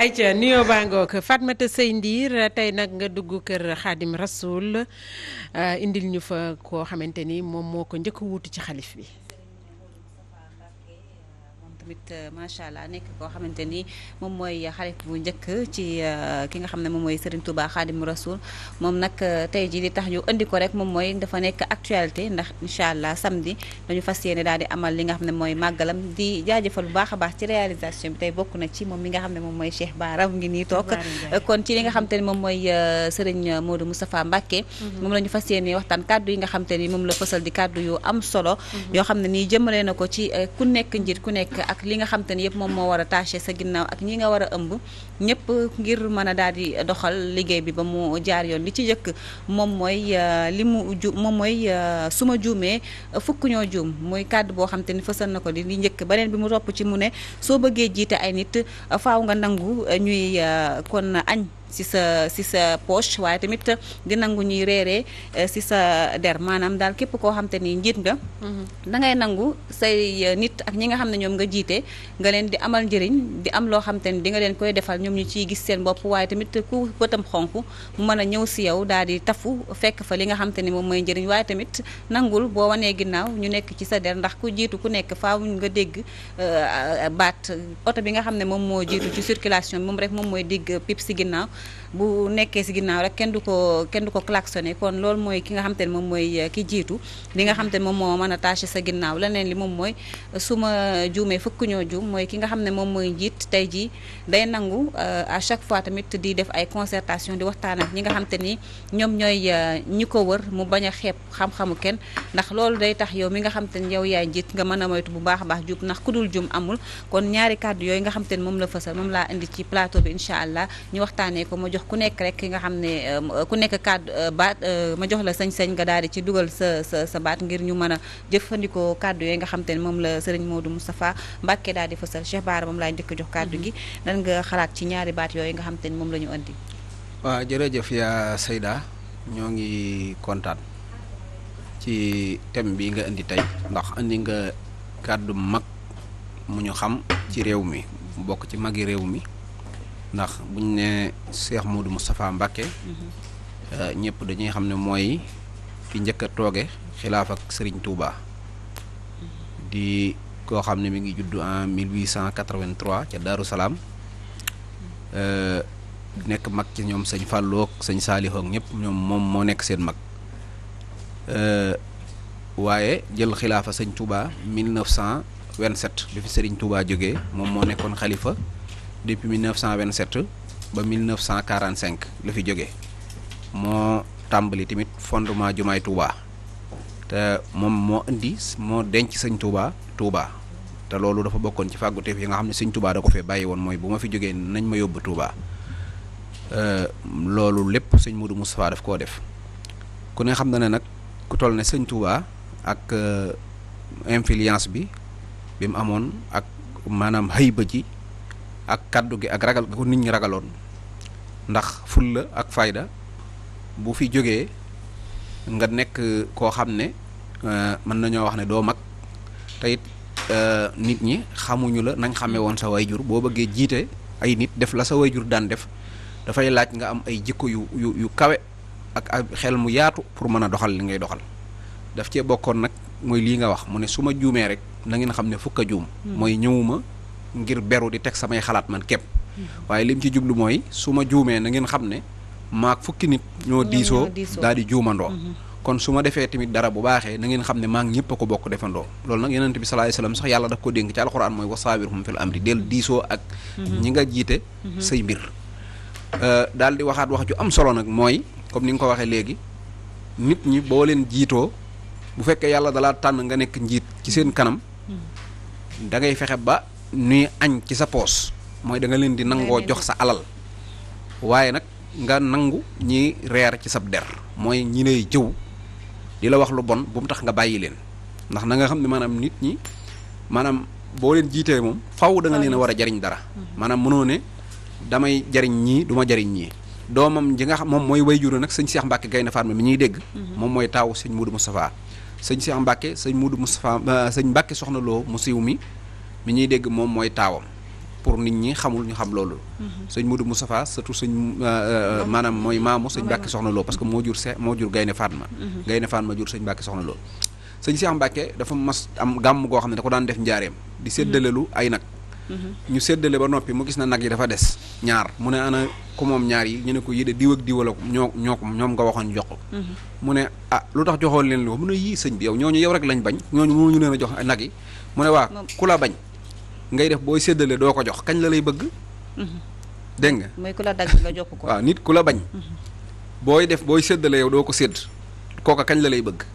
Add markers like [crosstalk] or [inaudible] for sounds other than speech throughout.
ayca nuyoo baa ngoog Fatmata Seye Ndiir tey nag nga dugg kër Xaadim Rasoul euh, indil ñu fa koo xamante ni moom moo ko njëkk wuutu ci xalif bi tamit euh, macha allah nekk koo xamante ni moom mooy xarit bu njëkk ci euh, ki nga xam ne moom mooy Serigne Touba Khadim Rasoul moom nag euh, tey jii li tax ñu indi ko rek moom mooy dafa nekk actualité ndax fas yéene di li nga xam ne mooy màggalam di jaajëfal bu baax a baax ci réalisation bi na ci moom mi nga xam ne moom mooy Cheikh Baram ngi nii toog kon ci li ni moom mooy Serigne Modou Moustapha Mbacké mhm. moom waxtaan kàddu yi nga xam te ni moom la fësal di kàddu yu am solo mhm. yoo xam ne nii jëmale na ko ci ku nekk njiit ku nekk li nga xam te ni yëpp moom moo war a tâché sa ginnaaw ak ñi nga war a ëmb ñëpp ngir mën a daal di doxal liggéey bi ba mu jaar yoon li ci njëkk moom mooy euh, li mu ju moom mooy euh, su ma juumee euh, fukk ñoo juum mooy kàddu boo xam te ni fësal na ko di li njëkk beneen bi mu topp ci mu ne soo bëggee jiite ay nit faw nga nangu ñuy kon añ ci sa si sa poche waaye tamit di nangu ñuy reere eh, si sa der maanaam daal képp koo xam te ni njiit nga mhm. da ngay nangu say eh, nit ak ñi nga xam ne ñoom nga jiite nga leen di amal njëriñ di am loo xam te ni di nga leen koy defal ñoom ñu ciy gis seen bopp waaye tamit ku bëtam xonk mu ñëw si yow daal di tafu fekk fa li nga xam ni moom mooy njëriñ waaye tamit nangul boo wanee ginnaaw ñu nekk ci sa der ndax ku jiitu ku nekk faaw nga dégg eh, baat oto bi nga xam ne moom moo jiitu ci circulation bi moom rek moom mooy dégg pip si ginnaaw bu nekkee si ginnaaw rek kenn du ko kenn du ko klaxonné kon lool mooy ki nga xam te ne moom mooy eh, ki jiitu li nga xam te ne moom moo mën a tâché sa ginnaaw leneen li moom mooy eh, su ma juumee fukk ñoo juum mooy ki nga xam ne moom mooy njiit tey jii day nangu eh, à chaque fois tamit di def ay concertation di waxtaan ak ñi nga xam te ni ñoom ñooy ñi ko wër mu bañ a xeeb xam-xamu kenn ndax loolu day tax yow mi nga xam te ni yow yaay njiit nga mën a moytu bu baax a baax juum ndax ku dul juum amul kon ñaari kàddu yooyu nga xam te ni moom la fësal moom laa indi ci plateau bi incha allah ñu waxtaanee ko ma jox ku nekk rek ki nga xam ne euh, ku nekk kàddu euh, baat euh, ma jox la sëñ sëñ nga daal di ci dugal sa sa sa baat ngir ñu mën a jëfandikoo kàddu yooyu nga xam te ne moom la sëriñ Modou Moustapha Mbacke daal di fësal Cheikh Bara moom laay njëkk jox kàddu gi mm-hmm. nga xalaat ci ñaari baat yooyu nga xam te moom la ñu jërëjëf yaa Seyda ñoo ngi kontaan ci thème bi nga indi tey ndax indi nga kàddu mag mu ñu xam ci réew mi mu bokk ci magi réew mi. ndax buñ ne Cheikh Modou Moustapha Mbacké euh, ñëpp dañuy xam ne mooy ki njëkk a tooge xilaaf ak Serigne Touba di koo xam ne mi ngi judd en 1883 ca Daaru Salaam euh, nekk mag ci ñoom sëñ Fallou ak sëñ Saliou ñëpp ñoom moom moo nekk seen mag euh, waaye jël xilaafa sëñ Touba 1927 bi fi Serigne Touba jóge moom moo nekkoon xalifa depuis vingt 1927 ba mille 1945 la fi jóge moo tàmbali tamit fondement jumaay Touba te moom moo indi moo denc sëñ Touba Touba te loolu dafa bokkoon ci fàgguteef yi nga xam ne sëñ Touba da ko fee bàyyi woon mooy bu ma fi jógee nañ ma yóbbu Touba loolu lépp sëñ Modou Moustapha def koo def ku ne xam na ne nag ku toll ne sëñ Touba ak euh, influence bi bi mu amoon ak maanaam xëy ba ak kàddu gi ak ragal ko nit ñi ragaloon ndax fulla ak fayda bu fi jógee nga nekk koo xam ne euh, mën nañoo wax ne doo mag te euh, nit ñi xamuñu la nañ xamee woon sa wayjur boo bëggee jiite ay nit def la sa wayjur daan def dafay laaj nga am ay jikko yu yu yu kawe ak ak xel mu yaatu pour mën a doxal li ngay doxal daf cee bokkoon nag mooy lii nga wax mu ne su ma juumee rek na ngeen xam ne fukk a juum. Hmm. mooy ñëwuma ngir beru di teg samay xalaat man képp waaye lim ci jublu mooy su ma juumee na ngeen xam ne maak fukki nit ñoo diisoo daal di juumandoo mhm. kon su ma defee tamit dara bu baaxee na ngeen xam ne maa ngi ñëpp a ko bokk defandoo loolu nag yonent bi sax yàlla daf ko dénk ci alxuraan mooy wasaabirhum fil amri del diisoo ak mhm. ñi nga jiite mhm. say mbir euh, daal di waxaat wax ju am solo nag mooy comme ni nga ko waxee léegi nit ñi boo leen jiitoo bu fekkee yàlla dalaa tànn nga nekk njiit ci seen kanam nuy añ ci sa poos mooy danga leen di nangoo jox sa alal waaye nag nga nangu ñi reer ci sab der mooy ñii lay jëw di la wax lu bon bu mu tax nga bàyyi leen ndax nanga xam ne maanaam nit ñi maanaam boo leen jiitee moom faw da nga leen a war a jariñ dara mm-hmm. maanaam mënoo ne damay jariñ ñii du ma jariñ ñii doomam ji nga xam moom mooy wayjuru nag sëñ Cheikh Mbacke Gaynde Fatma mi ñuy dégg mm-hmm. moom mooy taaw sëñ Moudou Moustapha sëñ Cheikh Mbacke sëñ Moudou Moustapha euh, sëñ Mbacke soxna loo mu siiw mi mi ñuy dégg moom mooy taawam pour nit ñi xamul ñu xam loolu mhm. sëñ Modou Moustapha surtout sëñ euh, euh, maanaam mooy maamu sëñ Mbàkke Soxna Lo parce que moo jur se moo jur Gaynde Fatma mhm. Gaynde Fatma jur sëñ Mbàkke Soxna Lo sëñ Cheikh Mbàkke dafa mas am gàmm goo xam ne da ko daan def njaareem di mhm. séddalelu ay nag ñu séddale ba noppi mu gis na nag yi dafa des ñaar mu ne ana ku moom ñaar yi ñu ne ko yii de diw ak diwala ñoo ñoo ñoom nga waxoon jox ko mu ne ah lu tax joxoon leen li mu ne yii sëñ bi yow ñooñu yow rek lañ bañ ñooñu mënuñu leen a jox nag yi mu ne waa ku la bañ ngay def booy séddale doo ko jox kañ la lay bëgg. Mhm. dégg nga. mooy ku la dagg nga jox ko. [laughs] waaw nit ku la bañ. Mhm. booy def booy séddale yow doo ko sédd kooka kañ la lay bëgg.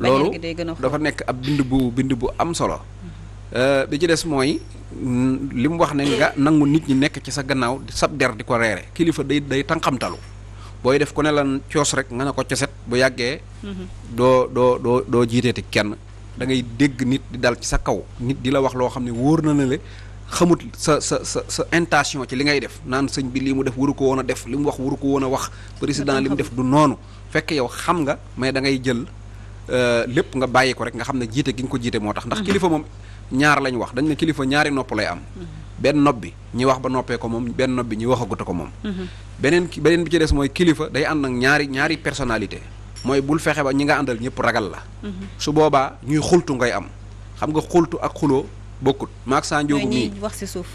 loolu dafa nekk ab bind bu bind bu am solo. Mhm. Euh, bi ci des mooy li mu wax ne nga nangu nit ñi nekk ci sa gannaaw sab der di ko reere kilifa day day tanqamtalu booy def ku ne lan coos rek nga ne ko coset bu yàggee. doo doo doo doo jiiteeti kenn. da ngay dégg nit di dal ci sa kaw nit di la wax loo xam ne wóor na ne le xamut sa sa sa sa intention ci li ngay def naan sëñ bi lii mu def waru ko woon a def li mu wax waru ko woon a wax président li mu def du noonu fekk yow xam nga mais dangay ngay jël euh, lépp nga bàyyi ko rek nga xam ne jiite gi nga ko jiite moo tax ndax mhm. kilifa moom ñaar lañ wax dañ ne kilifa ñaari nopp lay am mhm. benn nopp bi ñi wax ba noppee ko moom benn nopp bi ñi waxagut ko moom mhm. beneen beneen bi ci des mooy kilifa day ànd ak ñaari ñaari personnalité mooy bul fexe ba ñi nga àndal ñëpp ragal la mhm. su boobaa ñuy xultu ngay am xam nga xultu ak xuloo bokkut ma saa njoogu mii wax ci suuf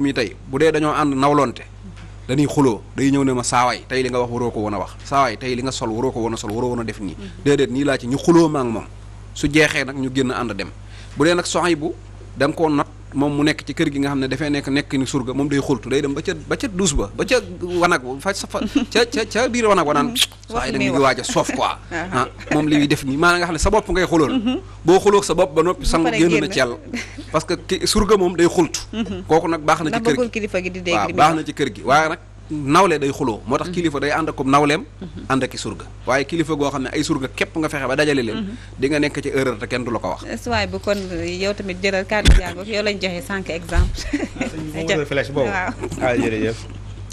mii tey bu dee dañoo ànd nawlonte mhm. dañuy xuloo day ñëw ne ma saawaay tey li nga wax waroo ko woon a wax saawaay tey li nga sol waroo ko woon a sol waroo woon def nii mhm. déedéet nii laa ci ñu xuloo maak moom su jeexee nag ñu génn ànd dem bu dee nag soxay bu da nga koo moom mu nekk ci kër gi nga xam ne dafay nekk ni surga moom day xultu day dem ba ca duus ba ba ca wanag fa fa biir wanag wanaan mm-hmm. saa yi da nga waaj a soof quoi [laughs] ah, moom li muy def nii maanaam nga xam ne sa bopp ngay xulool mm-hmm. boo xuloog sa bopp ba noppi sangu génn na ci yàlla [laughs] parce que surga moom day xultu mm-hmm. kooku nag baax na ci kër gi waaw baax na ci kër gi waaye nag nawle day xuloo moo tax mhm. kilifa day ànd ak comme nawleem mhm. ànd ak i surga waaye kilifa goo xam ne ay surga képp nga fexe ba dajale leen mhm. di nga nekk ci erreur kenn du la ko wax eh, suwaay bu kon eh, yow tamit jëlal kàddu jàng yow lañ joxe sànq exemple ah, [laughs] ah,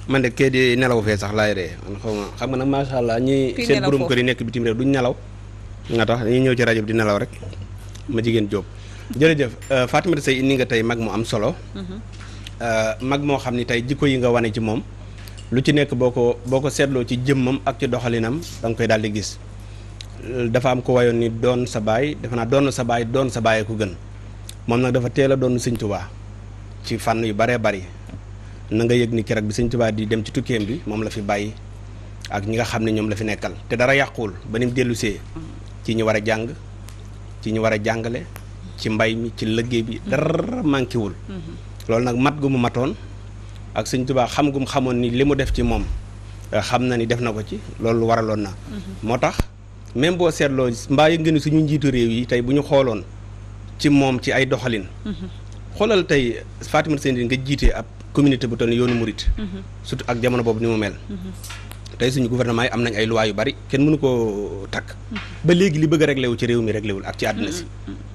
man de kee di nelaw fee sax laay ree xaw ma xam nga nag macha allah ñi seen borom kër yi nekk bitim réew du nelaw nga tax ñu ñëw ci rajo bi di nelaw rek ma jigéen Jóob jërëjëf eh, Fatimata Seye indi nga tey mag mu am solo mag moo xam ne tey jikko yi nga wane ci moom lu ci nekk boo ko boo ko seetloo ci jëmmam ak ci doxalinam danga koy daal di gis dafa am ko wayoon ni doon sa baay defe naa doon sa baay doon sa baay gën moom nag dafa teel a doon sëñ ci fànn yu baree bari na nga yëg ni keroog bi sëñ di dem ci tukkeem bi moom la fi bàyyi ak ñi nga xam ne ñoom la fi nekkal te dara yàquwul ba ni mu dellusee ci ñu war a jàng ci ñu war a jàngale ci mbay mi ci liggéey bi dara manqué wul mm-hmm. loolu nag mat gu mu matoon ak sëñ Tuubaa xam gum xamoon ni li mu def ci moom eh, xam na ni def na ko ci loolu waraloon na mm-hmm. moo tax même boo seetloo mbaa yëg nga ni suñu njiitu réew yi tey bu ñu xooloon ci moom ci ay doxalin mm-hmm. xoolal tey Fatimata Seyni nga jiite ab communauté bu toll ni yoonu murit mm-hmm. surtout ak jamono boobu ni mu mel tey suñu gouvernement yi am nañ ay loi yu bari kenn mënu koo takk ba léegi li bëgg a réglé ci réew mi réglé wul ak ci àdduna si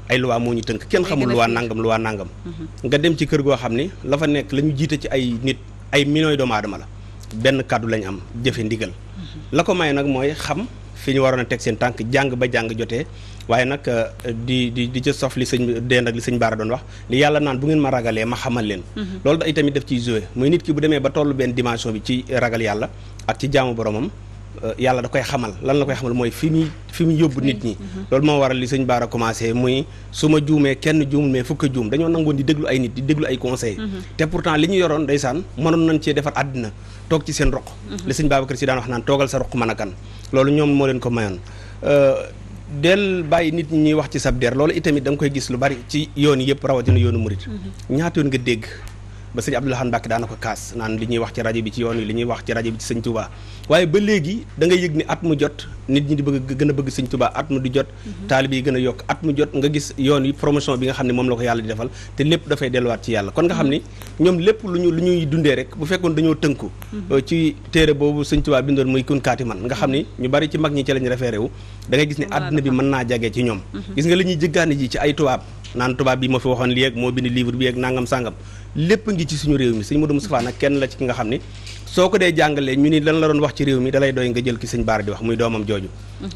ay luwaa moo ñu tënk kenn xamul luwaa nangam luwaa nangam. Mhm. nga dem ci kër goo xam ni la fa nekk la ñu jiite ci ay nit ay millions doomu adama la benn kàddu lañ am jëfe ndigal mhm. la ko may nag mooy xam fi ñu waroon a teg seen tànk jàng ba jàng jotee waaye nag euh, di di di ca sof li sëñ dend ak li sañ Baara doon wax li yàlla naan bu ngeen ma ragalee ma xamal leen mhm. loolu da ay tamit def ciy joué mooy nit ki bu demee ba tollu benn dimension bi ci ragal yàlla ak ci jaamu boromam euh, yàlla da koy xamal lan la koy xamal mooy fi fi mu yóbbu nit ñi loolu moo waral li sëñ Baara commencé muy su ma juumee kenn juumul mais fukk juum dañoo nangoon di déglu ay nit di déglu ay conseil te pourtant li ñu yoroon ndeysaan mënoon nañ cee defar àddina toog ci seen roq li sëñ Babacar Si daan wax naan toogal sa roq mën a kan loolu ñoom moo leen ko mayoon euh, del bàyyi nit ñuy wax ci sab der loolu itamit da nga koy gis lu bari ci yoon yëpp rawatina yoonu murit ñaata yoon nga dégg ba sëñ Abdou Lahad Mbacké daana ko kaas naan li ñuy wax ci rajo bi ci yoon wi li ñuy wax ci rajo bi ci sëñ Touba waaye ba léegi da ngay yëg ni at mu jot nit ñi di bëgg gën a bëgg sëñ tubaa at mu di jot mhm. taalib yi gën a yokk at mu jot nga gis yoon yi promotion bi nga xam ne moom la ko yàlla defal te lépp dafay delluwaat ci yàlla kon nga xam ni mhm. ñoom lépp lu ñu lu ñuy dundee rek bu fekkoon dañoo tënku mhm. uh, ci téere boobu sëñ Touba bindoon muy kun kaati man nga xam ni ñu bari ci mag ñi ci lañ référé wu da ngay gis ni àdduna bi mën naa jagee ci ñoom gis nga li ñuy jëggaani ji ci ay tubaab naan tubaab bi moo fi waxoon lii ak moo bind livre bi ak nangam sangam lépp ngi ci suñu réew mi sëñ Modou Moustapha nag kenn la ci ki nga xam ni soo ko dee jàngalee ñu ni lan la doon wax ci réew mi dalay doy nga jël ki sëñ baar di wax muy doomam jooju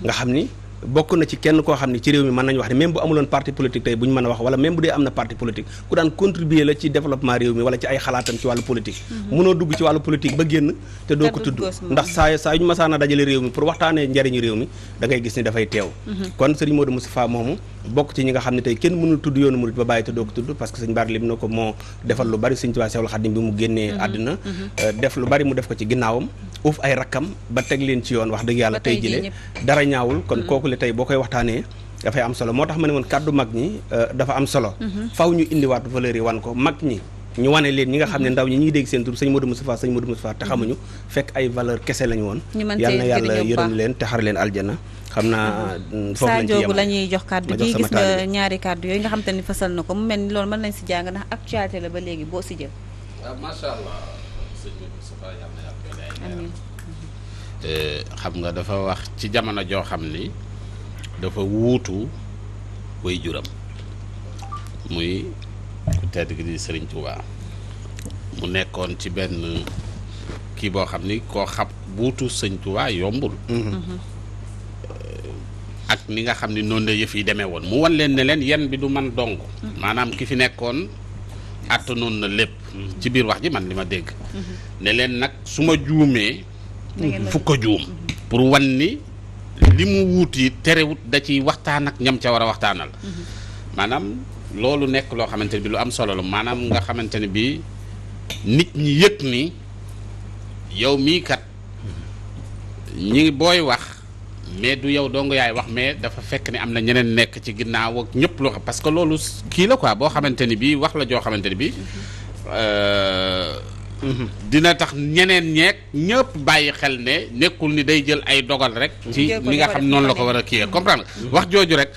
nga xam ni bokk na ci kenn koo xam ne ci réew mi mën nañu wax ne même bu amuloon parti politique tey bu ñu mën a wax wala même bu dee am na parti politique ku daan contribuer la ci développement réew mi wala ci ay xalaatam ci wàllu politique mënoo mhm. dugg ci wàllu politique ba génn te doo ko tudd ndax saa saa yu ñu masaana dajale réew mi pour waxtaanee njariñu réew mi da gis ni dafay teew mhm. kon sëriñ Modou Moustapha moomu bokk ci ñi nga xam ne tey kenn mënul tudd yoonu murit uuf ay rakkam ba teg leen ci yoon wax dëgg yàlla tey jële dara ñaawul kon mm-hmm. kooku le tey boo koy waxtaanee dafay am solo moo tax ma ne woon kàddu mag ñi euh, dafa am solo mm-hmm. faw ñu indiwaat valeur yi wan ko mag ñi ñu wane leen ñi nga xam ne mm-hmm. ndaw ñi ñuy dégg seen tur sëñ Modou Moustapha sëñ Modou Moustapha te xamuñu fekk ay valeur kese lañu woon yal na yàlla yërëm leen te xar leen aljana xam naa mm, foofu lañ la ñuy jox kàddu gi gis nga ñaari kàddu yooyu nga xam te ni fasal na ko mu mel ni loolu mën nañ si jàng ndax actualité la ba léegi boo si jël ah, leeram eh, xam nga dafa wax ci jamono joo xam ni dafa wuutu way juram muy ku tedd gi di Sëriñ mu nekkoon ci benn kii boo xam ni koo xam wuutu Sëriñ Tuubaa yombul eh, ak ni nga xam ni noonu la yëf yi demee woon mu wan leen ne leen yan bi du man dong mm-hmm. maanaam ki fi nekkoon àttanoon na lépp mm-hmm. ci biir wax ji man li ma dégg mm-hmm. ne nag su ma juumee fukk juum mm-hmm. pour wan ni li mu wuuti terewut da ciy waxtaan ak ñam ca war a waxtaanal maanaam loolu nekk loo xamante ne bi lu am solo la maanaam nga xamante ne bi nit ñi yëg ni yow mii kat ñi booy wax mais du yow dong yaay wax mais dafa fekk ni am na ñeneen nekk ci ginnaaw ak ñëpp loo xam parce que loolu kii la quoi boo xamante ni bii wax la joo xamante ni bii. Euh, mhm. dina tax ñeneen ñeek ñëpp bàyyi xel ne nekkul ni day jël ay dogal rek. Mhm. ci ni nga xam noonu la ko war a kii comprendre nga. Mhm. wax jooju rek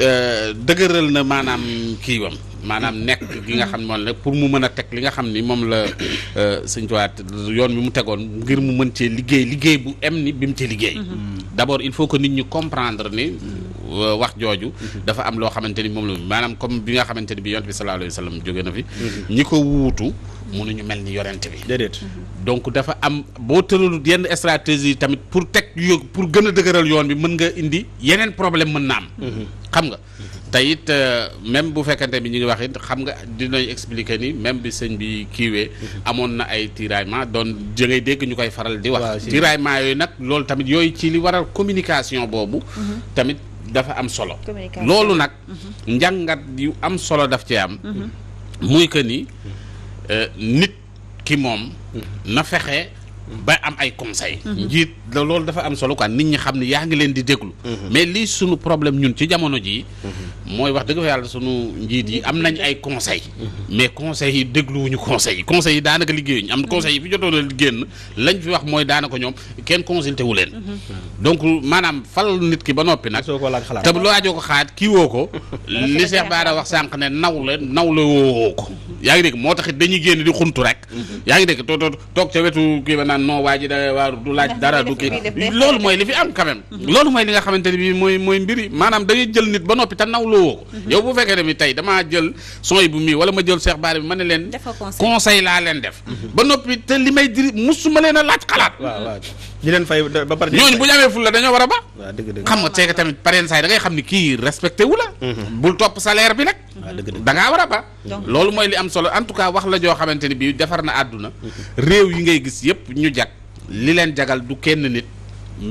euh, dëgëral na maanaam kii wam maanaam nekk gi nga xam ne moom la pour mu mën a teg li nga xam ni moom la [coughs] euh, sëñ Tuubaa yoon bi mu tegoon ngir mu mën cee liggéey liggéey bu em ni bi mu ci liggéey mm-hmm. d'abord il faut que nit ñi comprendre ni Euh, wax jooju mhm. dafa am loo xamante ni moom la maanaam comme bi nga xamante ni bi yonent bi sallallahu alayhi wa sallam jóge na fi mhm. ñi ko wuutu ñu mel ni yorente bi déedéet mhm. donc dafa am boo tëralu yenn stratégie tamit pour teg yo pour gën a dëgëral yoon bi mën nga indi yeneen problème mën na am xam nga te it euh, même bu fekkante bi ñu ngi wax xam nga dinañ expliquer ni même bi sëñ bi kiiwee amoon na ay tiraillement doon da ngay dégg ñu koy faral di wax tiraillement yooyu nag loolu tamit yooyu ci li waral communication boobu dafa am solo. loolu nag. Mhm. njàngat yu am solo daf ci am. Mhm. muy que ni euh, nit ki moom. Mhm. na fexe ba am ay conseil njiit la loolu dafa am solo quoi nit ñi xam ne yaa ngi leen di déglu. Mhm. mais lii sunu problème ñun ci jamono ji mhm. mooy wax dëgg fa yàlla sunu njiit yi am nañ ay conseil mhm. mais conseils yi dégluwuñu conseils yi conseils yi daanaka liggéeyuñu am na conseils yi fi jotoon a génn lañ fi wax mooy daanaka ñoom kenn consulté leen. donc maanaam fal nit ki ba noppi nag. soo ko laaj xalaat te loo aajoo ko xaat kii ko. [laughs] li Cheikh Bara wax sànq ne naw la woo ko. yaa ngi dégg moo taxit dañuy génn di xuntu rek mm-hmm. yaa ngi dégg toog toog ca wetu kii ba naan non waa ji da waa du laaj dara du kii loolu mooy li fi am quand même mm-hmm. loolu mooy li nga xamante ne bi mooy mooy mbiri maanaam dañuy jël nit ba noppi te nawloo woo ko mm-hmm. yow bu fekkee ne tey damaa jël son yi bu mii wala ma jël seex Bara bi ma ne leen conseil laa leen def ba noppi te li may diri musuma leen a laaj xalaat ñi leen fay ba pare ñooñu bu ñu amee ful la dañoo war a ba xam nga seeka tamit pareen saay da ngay xam ni kii respecté wu la bul topp salaire bi nag Mm-hmm. da ngaa war a ba loolu mooy li am solo en tout cas wax la joo xamante ni bii defar na àdduna mm-hmm. réew yi ngay gis yëpp ñu jag li leen jagal du kenn nit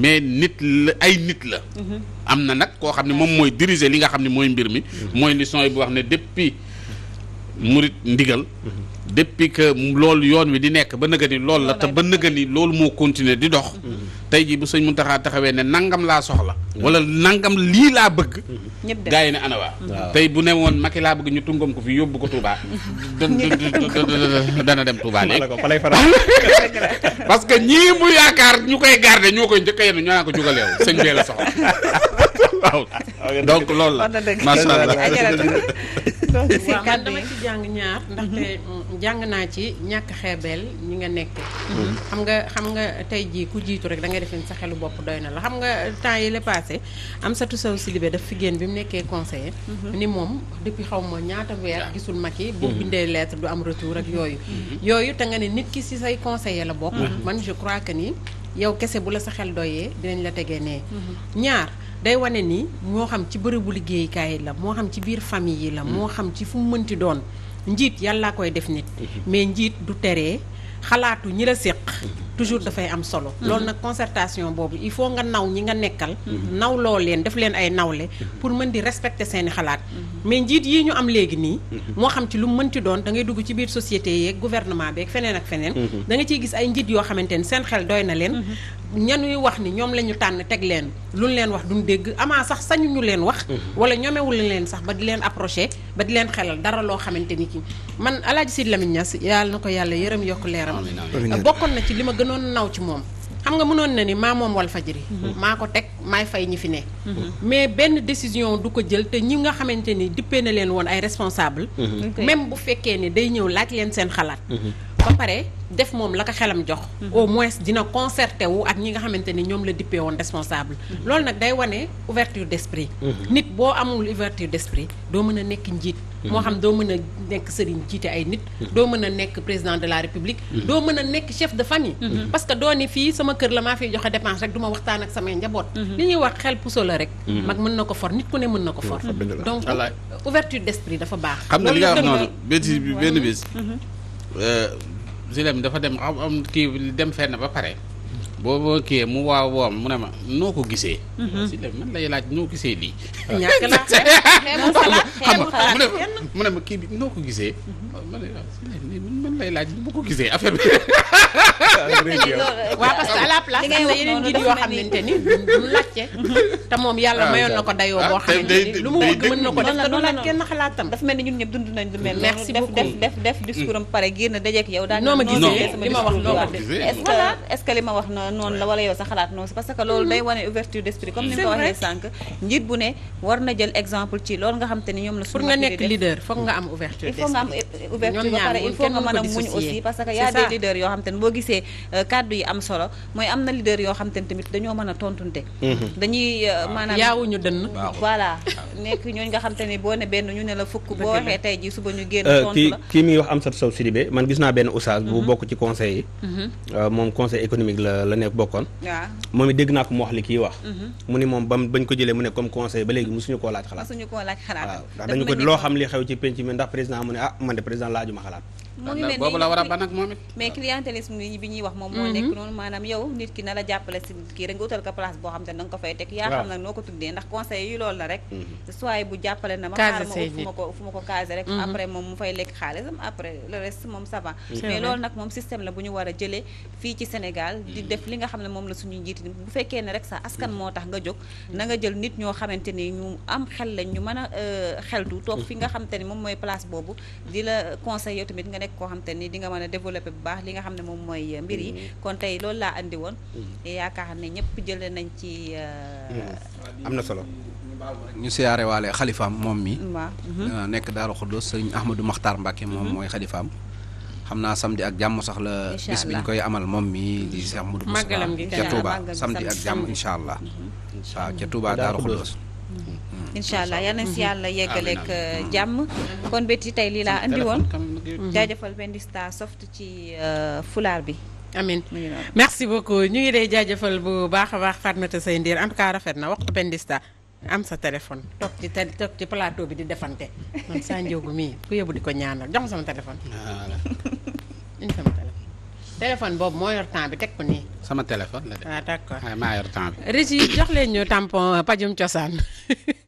mais nit la ay nit la mm-hmm. am na nag koo xam ne moom mooy diriger li nga xam ne mooy mbir mi mooy li son yi bu wax ne depuis murit ndigal depuis que loolu yoon wi di nekk ba nëgë ni loolu la te ba nëgë ni loolu moo continuer di dox tey jii bu sëñ mu Muntaxa taxawee ne nangam laa soxla wala nangam lii laa bëgg gaa yi ne anawaa tey bu ne woon Macky laa bëgg ñu tungam ko fi yóbbu ko Touba [laughs] dana dem Touba léegi [laughs] parce que ñii mu yaakaar ñu koy garder ñoo koy njëkk yenn ñoo naan ko jógaleew sëñ bee la soxla [laughs] waaw donc loolu la macha allah [laughs] donc man dama ci jàng ñaar ndaxte mhm. mm, jàng naa ci ñàkk xeebeel ñi nga nekk mhm. xam nga xam nga tey jii ku jiitu rek da ngay def sa xelu bopp doy na la xam nga temps yi la passé Amsatou Sow si daf fi génn bi mu nekkee conseiller mhm. ni moom depuis xaw ma ñaata weer gisul Macky bu bindee lettre du am retour ak yooyu yooyu te nga ne nit ki si say conseiller la bokk man je crois que ni yow kese bu la sa xel doyee dinañ la tege nee mm-hmm. ñaar day wane ni moo xam ci bërëbu liggéeykaay la moo xam ci biir famille yi la mm-hmm. moo xam ci fu mu mënti doon njiit yàllaa koy def nit mm-hmm. mais njiit du teree xalaatu ñi la séq toujours dafay am solo mm-hmm. loolu nag concertation boobu il faut nga naw ñi nga nekkal mm-hmm. naw loo leen def leen ay nawle mm-hmm. pour mën di respecter seeni xalaat mais njiit yi ñu am léegi nii moo xam ci lu mu mënti doon da ngay dugg ci biir société yeeg gouvernement beeg feneen ak feneen da nga ciy gis ay njiit yoo xamante ne seen xel doy na leen ñanuy wax ni ñoom la ñu tànn teg leen luñ leen wax duñ dégg amaa sax sañu ñu leen wax. Mhm. wala ñoomewul leen sax ba di leen approché ba di leen xelal dara loo xamante ni ki man El si Sidi Lamine Niass yàlla na ko yàlla yërëm yokk leeram. bokkoon na ci li ma gënoon naw ci moom. xam nga mënoon na ni maa moom wal Walfadjri mhm. maa ko teg maay fay ñi fi ne mhm. mais benn décision du ko jël te ñi nga xamante ni dippee na leen woon ay responsable même bu fekkee ni day ñëw laaj leen seen xalaat ba pare def moom la ko xelam jox. Mhm. au moins dina concerté wu ak ñi nga xamante ni ñoom la dippee woon responsable. Mhm. loolu nag day wane ouverture d'esprit. Mhm. nit boo amul ouverture d'esprit doo mën a nekk njiit. moo xam doo mën a nekk sëriñ jiite ay nit. doo mën a nekk président de la république. doo mën a nekk chef de famille. parce que doo ni fii sama kër la maa fi joxe dépense rek du ma waxtaan ak samay njaboot. li ñuy wax xel puso la rek. mag mën na ko for nit ku ne mën na ko for. donc ouverture d'esprit dafa baax. xam nga li nga wax noonu benn bis. Euh, Zilem dafa dem am am kii dem fenn ba pare boobu kii mu waaw woom mu ne ma noo ko gisee. Mm-hmm. si la man lay laaj noo gisee lii. ñàkk la [laughs] xam nga mu ne mu kii bi noo ko gisee. Mm-hmm. man ah, man lay laaj gisee affaire bi. waaw que à la place am na yeneen njiit yoo xamante ni du [laughs] laajte. Mm-hmm. te moom yàlla ah, mayoon na ko dayoo ah, boo xamante lu mu wëgg kenn xalaatam. dafa mel ni ñun ñëpp dund nañ lu mel. merci beaucoup def def def mm. discours am pare génn dajeeg yow. daal noo ma gisee li ma wax noonu noonu la wala yow sa xalaat noonu parce que loolu mhm. day wane ouverture d'esprit comme ni nga waxee sànq njiit bu ne war na jël exemple ci loolu nga xam te ni ñoom la pour a muñ aussi parce que y a des leaders yoo xam te boo gisee euh, kàddu yi am solo mooy am na leader yoo xam te tamit dañoo mën a tontunte mhm. dañuy euh, maanaam yaawuñu dënn voilà ah. nekk ñooñu nga xam te ni boo ne benn ñu ne la fukk boo waxee tey jii suba ñu génn euh, tontu la kii mi ngi wax Amsatou Sow Sidibé man gis naa benn oustaz bu mhm. bokk ci conseil yi mhm. euh, moom conseil économique la la nekk bokkoon moom it dégg naa ko mu wax li kii wax mhm. mu ni moom bam bañ ko jëlee mu ne comme conseil ba léegi musuñu koo laaj xalaat musuñu koo laaj xalaat waaw dañu ko loo xam li xew ci penc mi ndax président mu ne ah man de président laaju xalaat mu ngi mel boobu la war a ban ak moom it mais clientélisme yi bi ñuy wax moom moo mhm. nekk noonu maanaam yow nit ki na la jàppale si kii rek nga utal ko place boo xam te da nga ko fay teg yaa xam nag noo ko tuddee ndax conseil yi loolu la rek mhm. soit bu jàppale na ma xaar ma fu ma ko fu ma ko casé rek mhm. après moom mu fay lekk xaalisam après le reste moom ça va mais loolu nag moom système la bu ñu war a jëlee fii ci Sénégal di def li nga xam ne moom la suñu njiit bu fekkee ne rek sa askan moo tax nga jóg na nga jël nit ñoo xamante ni ñu am xel lañ ñu mën a euh, xeltu toog fi nga xamante ni moom mooy place boobu di la conseil yow tamit nga nekk koo xam te ni di nga mën a développer bu baax li nga xam ne moom mooy uh, mbir yi mm-hmm. kon tey loolu laa andi woon mm-hmm. yaakaar ne ñëpp jële nañ ci uh, mm-hmm. am na solo ñu siyaare waale xalifaam moom mi uh, nekk Daaru Xuddoos sëriñ Ahmadou Makhtar Mbacke moom mooy xalifaam xam naa samedi ak jàmm sax la bis bi ñu koy amal moom mi di Cheikh Modou Moustapha ca Touba samedi ak jàmm incha allah waaw ca Touba Daaru Xuddoos incha allah yal na si yàlla yeggaleeg jàmm kon bétti tey lii laa andi woon Mm-hmm. jaajëfal Wendi Star Soft ci euh, fulaar bi. amin merci beaucoup ñu ngi lay jaajëfal bu baax a baax Fatmata Say Ndir en rafet na waxtu Wendi am sa téléphone toog ci te bi di defante man saa njóogu mii ku yóbbu di ko ñaanal jox ma sama téléphone. Ah, indi boobu moo yor temps bi teg ko nii. sama téléphone la de. waaw ah, d'accord ah, maa yor temps bi. jox leen ñu tampon euh, pajum cosaan. [laughs]